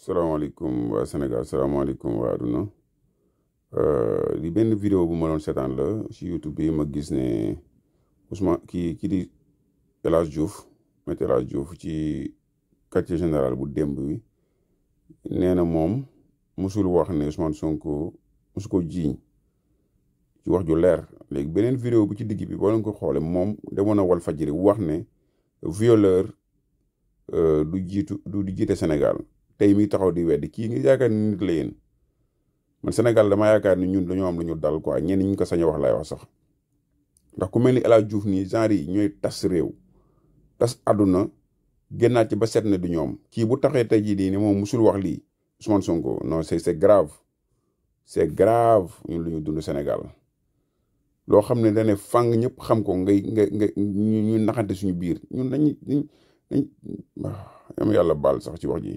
salaamaaleykum waa Sénégal salaamaaleykum waa aduna euh, li benn vidéo bu ma doon la si YouTube bi ma gis ne Ousmane kii kii di El jouf Diouf maître El ci quartier général bu démb bi nee na moom musul wax ne Ousmane Sonko musu ko jiiñ ci wax ju leer léegi beneen vidéo bu ci digg bi boo ko xoolee moom demoon na Walfadjri wax ne violeur euh, du jiitu du jiite Sénégal. tay mi taxaw di wedd ki nga yaakaar ni nit leen man Sénégal dama yaakaar ni ñun dañoo am lu ñu dal quoi ñenn ñu ko sañ wax lay wax sax ndax ku mel ni El Hadj nii genre yi ñooy tas réew tas aduna génnaat ci ba set na du ñoom kii bu taxee tey jii nii ne moom musul wax lii Ousmane Sonko non c'est c'est grave c'est grave ñun lu ñu dund Sénégal loo xam ne dane fàng ñëpp xam ko ngay nga nga ñu naxante suñu biir ñun dañuy dañ dañ am yàlla baal sax ci wax ji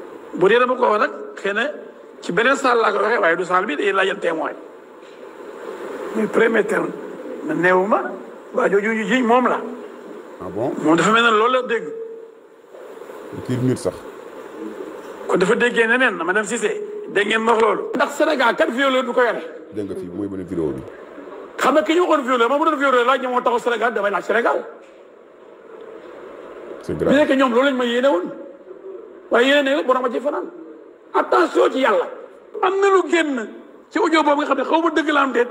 bu dee dama ko wax nag xëy na ci beneen saal laa ko waxee waaye du saal bi day laajal témoin muy premier terme ma ma waa jooju ñu jiñ moom la. Ah moom dafa mel ne loolu la dégg. kii biir sax. kon dafa déggee neneen na madame Cissé dégg ngeen wax loolu. ndax Sénégal kat violeur du ko yore. dégg nga mu mooy benn vidéo bi. xam nga ki ñu waxoon violeur moom bu doon violeur laaj ñoom moo taxaw Sénégal damay laaj Sénégal. c'est grave bi nekk ñoom loolu lañ ma yéene waaye yeneen ne borom a ci fanaan attention ci yàlla am na lu génn ci audio boobu nga xam ne xaw ma dëgg la am déet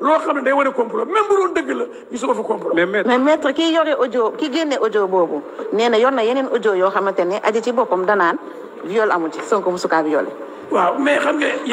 loo xam ne day wane complot même bu doon dëgg la gisuma fa complot. mais maître mais maître kii yore audio ki génne audio boobu nee na yor na yeneen audio yoo xamante ne aji ci boppam danaan viol amu ci Sonko musukaa violé waaw mais xam nga